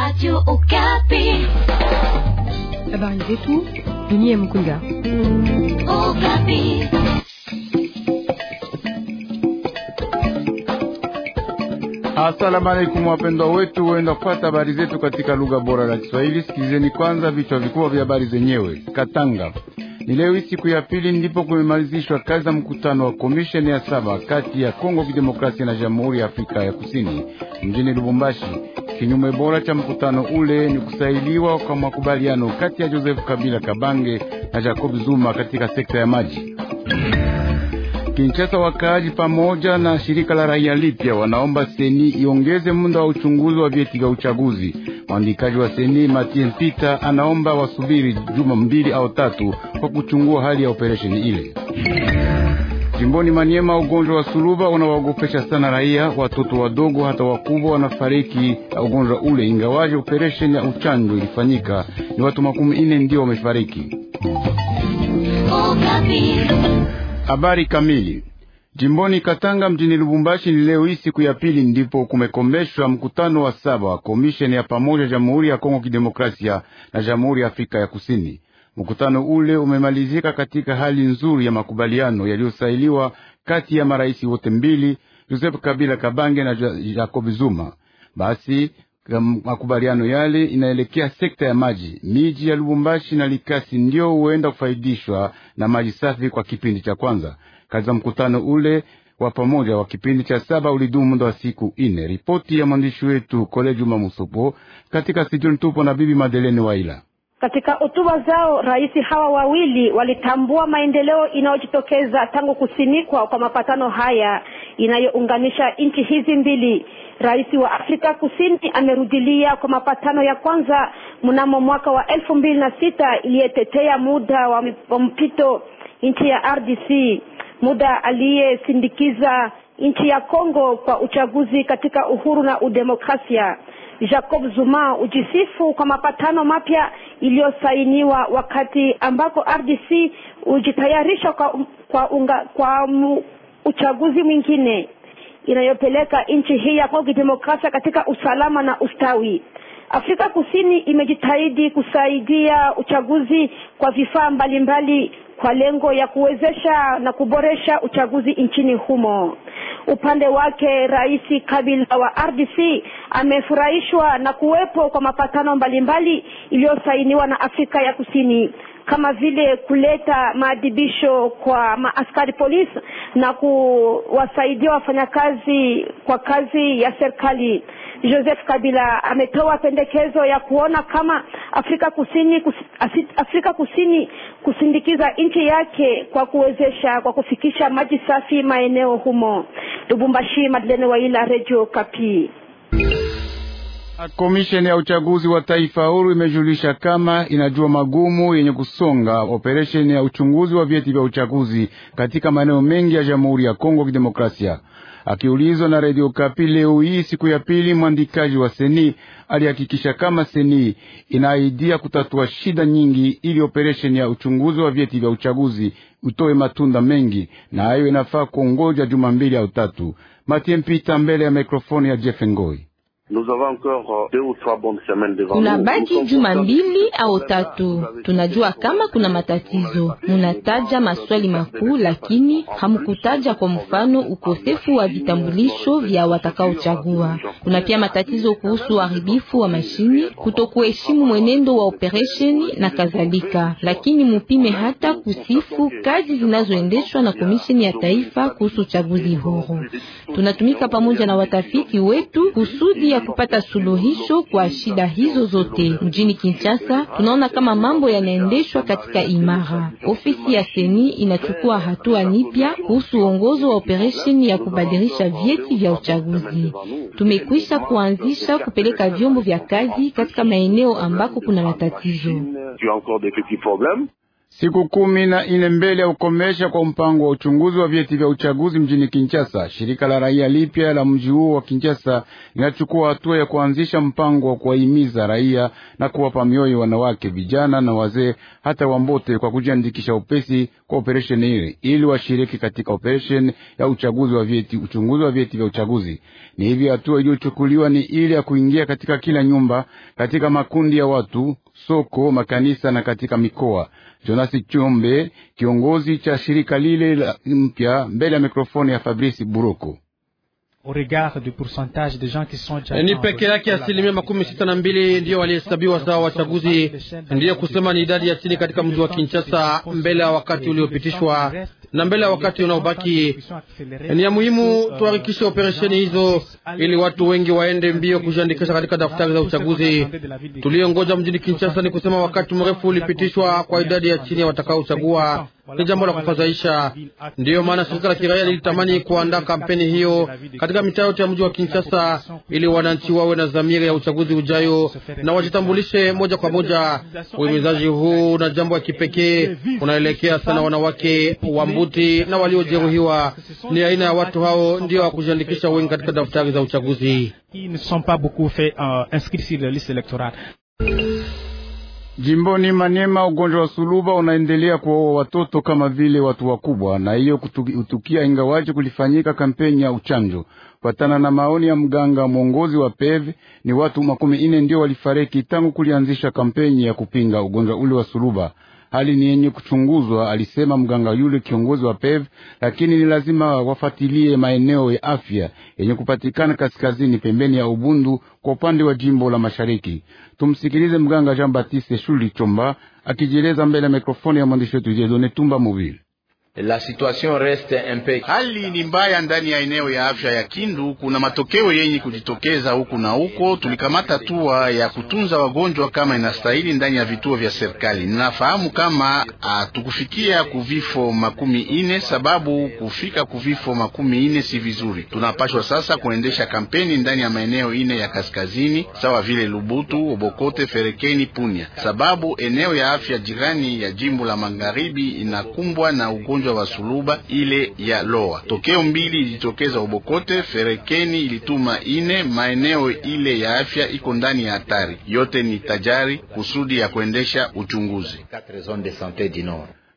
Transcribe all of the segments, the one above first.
Radio Okapi. Habari zetu dunia mkunda. Okapi. Asalamu alaykum wapendwa wetu wenda kufata habari zetu katika lugha bora la Kiswahili. Sikilizeni kwanza vichwa vikubwa vya habari zenyewe. Katanga. Ni leo siku ya pili ndipo kumemalizishwa kazi za mkutano wa komisheni ya saba kati ya Kongo Kidemokrasia na Jamhuri ya Afrika ya Kusini mjini Lubumbashi. Kinyume bora cha mkutano ule ni kusailiwa kwa makubaliano kati ya Joseph Kabila Kabange na Jacob Zuma katika sekta ya maji. Kinshasa, wakaaji pamoja na shirika la raia lipya wanaomba seni iongeze muda wa uchunguzi wa vyeti vya uchaguzi. Mwandikaji wa seni Matie Mpita anaomba wasubiri juma mbili au tatu kwa kuchungua hali ya operesheni ile. Jimboni Maniema, ugonjwa wa suluba unawaogopesha sana raia, watoto wadogo hata wakubwa wanafariki ugonjwa ule, ingawaje operesheni ya uchanjo ilifanyika. Ni watu makumi ine ndio wamefariki. Habari kamili Jimboni Katanga mjini Lubumbashi ni leo hii siku ya pili ndipo kumekomeshwa mkutano wa saba wa komisheni ya pamoja Jamhuri ya Kongo Kidemokrasia na Jamhuri ya Afrika ya Kusini. Mkutano ule umemalizika katika hali nzuri ya makubaliano yaliyosailiwa kati ya marais wote mbili, Joseph Kabila Kabange na Jacob Zuma. Basi makubaliano yale inaelekea sekta ya maji. Miji ya Lubumbashi na Likasi ndiyo huenda kufaidishwa na maji safi kwa kipindi cha kwanza. Kazi za mkutano ule wa pamoja wa kipindi cha saba ulidumu muda wa siku ine. Ripoti ya mwandishi wetu Kole Juma Musopo katika studio tupo na Bibi Madeleni Waila. Katika hotuba zao, rais hawa wawili walitambua maendeleo inayojitokeza tangu kusinikwa kwa mapatano haya inayounganisha nchi hizi mbili. Rais wa Afrika Kusini amerudilia kwa mapatano ya kwanza mnamo mwaka wa elfu mbili na sita iliyetetea muda wa mpito nchi ya RDC, muda aliyesindikiza nchi ya Kongo kwa uchaguzi katika uhuru na udemokrasia. Jacob Zuma ujisifu kwa mapatano mapya iliyosainiwa wakati ambako RDC ujitayarisha kwa, kwa, unga, kwa mu, uchaguzi mwingine inayopeleka nchi hii ya Kongo Kidemokrasia katika usalama na ustawi. Afrika Kusini imejitahidi kusaidia uchaguzi kwa vifaa mbalimbali kwa lengo ya kuwezesha na kuboresha uchaguzi nchini humo. Upande wake Rais Kabila wa RDC amefurahishwa na kuwepo kwa mapatano mbalimbali iliyosainiwa na Afrika ya Kusini kama vile kuleta maadhibisho kwa maaskari polisi na kuwasaidia wafanyakazi kwa kazi ya serikali. Joseph Kabila ametoa pendekezo ya kuona kama Afrika Kusini kus, Afrika Kusini kusindikiza nchi yake kwa kuwezesha kwa kufikisha maji safi maeneo humo. Lubumbashi, Madlene Waila, Radio Kapi. Komisheni ya uchaguzi wa taifa huru imejulisha kama inajua magumu yenye kusonga operesheni ya uchunguzi wa vyeti vya uchaguzi katika maeneo mengi ya Jamhuri ya Kongo Kidemokrasia. Akiulizwa na Radio Kapi leo hii siku ya pili, mwandikaji wa Seni alihakikisha kama Seni inaaidia kutatua shida nyingi ili operesheni ya uchunguzi wa vyeti vya uchaguzi utoe matunda mengi, na hayo inafaa kuongoja juma mbili au tatu. Matie Mpita mbele ya mikrofoni ya Jeff Ngoi. Tunabaki juma mbili au tatu, tunajua kama kuna matatizo. Munataja maswali makuu, lakini hamukutaja kwa mfano ukosefu wa vitambulisho vya watakaochagua. Kuna pia matatizo kuhusu uharibifu wa mashini, kutokuheshimu mwenendo wa operesheni na kadhalika, lakini mupime hata kusifu kazi zinazoendeshwa na Komisheni ya Taifa kuhusu uchaguzi huru. Tunatumika pamoja na watafiti wetu kusudi kupata suluhisho kwa shida hizo zote. Mjini Kinshasa tunaona kama mambo yanaendeshwa katika imara. Ofisi ya seni inachukua hatua nipya kuhusu uongozo wa operesheni ya kubadilisha vyeti vya uchaguzi. Tumekwisha kuanzisha kupeleka vyombo vya kazi katika maeneo ambako kuna matatizo siku kumi na ine mbele ya kukomesha kwa mpango wa uchunguzi wa vyeti vya uchaguzi mjini Kinshasa, shirika la raia lipya la mji huo wa Kinshasa linachukua hatua ya kuanzisha mpango wa kuwahimiza raia na kuwapa mioyo wanawake, vijana na wazee, hata wambote kwa kujiandikisha upesi kwa operesheni hili ili washiriki katika operesheni ya uchaguzi wa vyeti, uchunguzi wa vyeti vya uchaguzi. Ni hivi hatua iliyochukuliwa ni ili ya kuingia katika kila nyumba katika makundi ya watu soko, makanisa na katika mikoa. Jonasi Chombe, kiongozi cha shirika lile la mpya, mbele ya mikrofoni ya Fabrice Buroko. Ni peke yake asilimia makumi sita na mbili ndiyo walihesabiwa sawa wachaguzi, ndiyo kusema ni idadi ya chini katika mji wa Kinshasa mbele ya wakati uliopitishwa na mbele ya wakati unaobaki. Ni ya muhimu tuharikishe operesheni hizo ili watu wengi waende mbio kujiandikisha katika daftari za uchaguzi. Tuliongoja mjini Kinshasa ni kusema wakati mrefu ulipitishwa kwa idadi ya chini ya watakaochagua ni jambo la kufadhaisha. Ndiyo maana shirika la kiraia lilitamani kuandaa kampeni hiyo katika mitaa yote ya mji wa Kinshasa ili wananchi wawe na dhamira ya uchaguzi ujayo na wajitambulishe moja kwa moja. Uhimizaji huu na jambo ya kipekee unaelekea sana wanawake wa mbuti na waliojeruhiwa. Ni aina ya watu hao ndio wakujiandikisha wengi katika daftari za uchaguzi. Jimboni manema ugonjwa wa suluba unaendelea kuwaua watoto kama vile watu wakubwa, na hiyo kutukia ingawaje kulifanyika kampeni ya uchanjo. Patana na maoni ya mganga mwongozi wa PEV, ni watu makumi ine ndio walifariki tangu kulianzisha kampeni ya kupinga ugonjwa ule wa suluba hali ni yenye kuchunguzwa, alisema mganga yule kiongozi wa PEV, lakini ni lazima wafatilie maeneo ya afya yenye kupatikana kaskazini pembeni ya Ubundu kwa upande wa jimbo la mashariki. Tumsikilize mganga Jean Baptiste Shuli Chomba akijieleza mbele ya mikrofoni ya mwandishi wetu Jedone Tumba Mobile. La situation reste un peu. Hali ni mbaya ndani ya eneo ya afya ya Kindu. Kuna matokeo yenye kujitokeza huku na huko. Tulikamata hatua ya kutunza wagonjwa kama inastahili ndani ya vituo vya serikali. Ninafahamu kama ah, hatukufikia kuvifo makumi ine, sababu kufika kuvifo makumi ine si vizuri. Tunapashwa sasa kuendesha kampeni ndani ya maeneo ine ya kaskazini sawa vile Lubutu, Obokote, Ferekeni, Punya, sababu eneo ya afya jirani ya jimbo la magharibi inakumbwa na ugonjwa ugonjwa wa suluba ile ya loa. Tokeo mbili ilijitokeza Ubokote, Ferekeni ilituma ine. Maeneo ile ya afya iko ndani ya hatari, yote ni tajari kusudi ya kuendesha uchunguzi.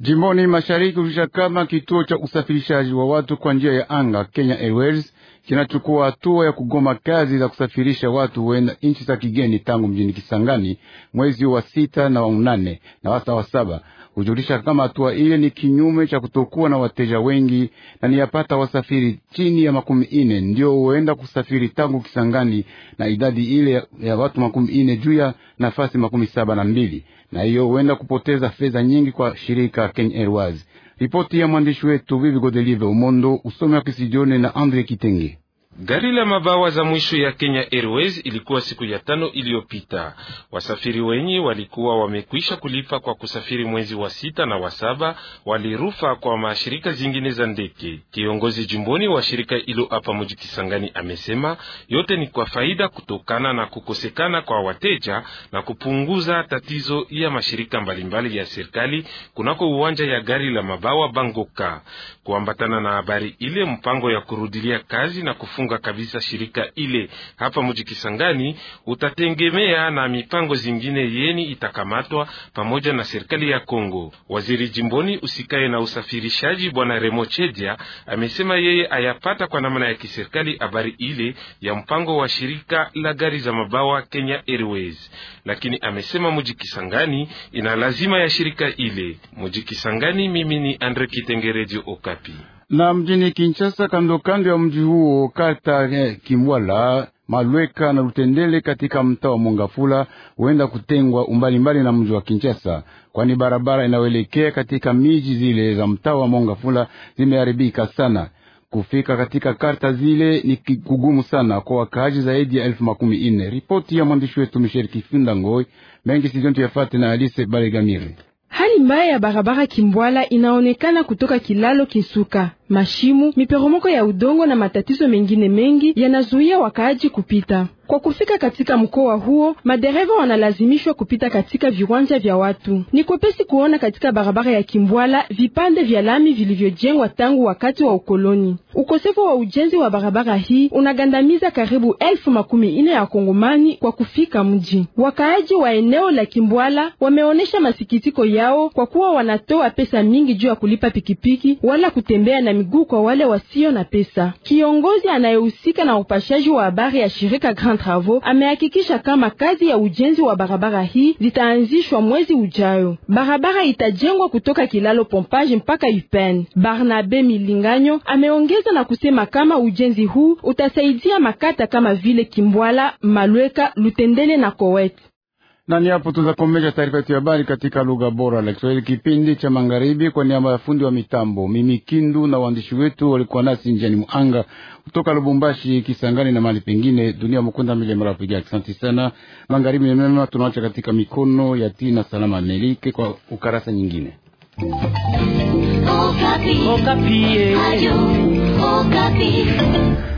Jimboni mashariki kuisha kama kituo cha usafirishaji wa watu kwa njia ya anga Kenya Airways kinachukua hatua ya kugoma kazi za kusafirisha watu huenda nchi za kigeni tangu mjini Kisangani mwezi wa sita na wa mnane na wasa wa saba hujulisha kama hatua ile ni kinyume cha kutokuwa na wateja wengi na niyapata wasafiri chini ya makumi ine ndio huenda kusafiri tangu Kisangani, na idadi ile ya watu makumi ine juu ya nafasi makumi saba na mbili na hiyo huenda kupoteza fedha nyingi kwa shirika Kenya Airways. Ripoti ya mwandishi wetu Vivi Godelive Umondo, usomi wa Kisijone na Andre Kitenge. Gari la mabawa za mwisho ya Kenya Airways ilikuwa siku ya tano iliyopita. Wasafiri wenye walikuwa wamekwisha kulipa kwa kusafiri mwezi wa sita na wa saba walirufa kwa mashirika zingine za ndege. Kiongozi jumboni wa shirika hilo hapa mji Kisangani amesema yote ni kwa faida kutokana na kukosekana kwa wateja na kupunguza tatizo ya mashirika mbalimbali ya serikali kunako uwanja ya gari la mabawa Bangoka. Kuambatana na habari ile, mpango ya kurudilia kazi na kufunga kufunga kabisa shirika ile hapa mji Kisangani, utatengemea na mipango zingine yeni itakamatwa pamoja na serikali ya Kongo. Waziri jimboni usikae na usafirishaji bwana Remo Chedia amesema yeye ayapata kwa namna ya kiserikali habari ile ya mpango wa shirika la gari za mabawa Kenya Airways, lakini amesema mji Kisangani ina lazima ya shirika ile. Mji Kisangani, mimi ni Andre Kitengerejo Okapi na mjini Kinshasa, kandokando ya mji huo, kata Kimwala, Malweka na Lutendele katika mtaa wa Mongafula huenda kutengwa umbali mbali na mji wa Kinshasa, kwani barabara inayoelekea katika miji zile za mtaa wa Mongafula zimeharibika sana. Kufika katika karta zile ni kugumu sana kwa wakaaji zaidi ya elfu makumi ine. Ripoti ya mwandishi wetu Michel Kifinda Ngoi mengi sizontu yafate na Alise Balegamire. Hali mbaya ya barabara Kimbwala inaonekana kutoka kilalo Kisuka mashimu, miporomoko ya udongo na matatizo mengine mengi yanazuia wakaaji kupita. Kwa kufika katika mkoa huo, madereva wanalazimishwa kupita katika viwanja vya watu. Ni kwepesi kuona katika barabara ya Kimbwala vipande vya lami vilivyojengwa tangu wakati wa ukoloni. Ukosefu wa ujenzi wa barabara hii unagandamiza karibu elfu makumi ine ya Kongomani kwa kufika mji. Wakaaji wa eneo la Kimbwala wameonyesha masikitiko yao kwa kuwa wanatoa pesa mingi juu ya kulipa pikipiki wala kutembea na miguu kwa wale wasio na pesa. Kiongozi anayehusika na upashaji wa habari ya shirika Grand Travaux amehakikisha kama kazi ya ujenzi wa barabara hii zitaanzishwa mwezi ujayo. Barabara itajengwa kutoka Kilalo Pompage mpaka Upen. Barnabe Milinganyo ameongeza na kusema kama ujenzi huu utasaidia makata kama vile Kimbwala, Malweka, Lutendele na Kowet na ni hapo tunakomesha taarifa yetu ya habari katika lugha bora la Kiswahili, kipindi cha magharibi. Kwa niaba ya fundi wa mitambo mimi Kindu na waandishi wetu walikuwa nasi njiani muanga kutoka Lubumbashi, Kisangani na mahali pengine. Dunia Mukunda Mile ya asante sana. Magharibi mema tunawacha katika mikono ya Tina Salama Melike kwa ukarasa nyingine. Okapi. Okapi. Eh. Ayu, Okapi.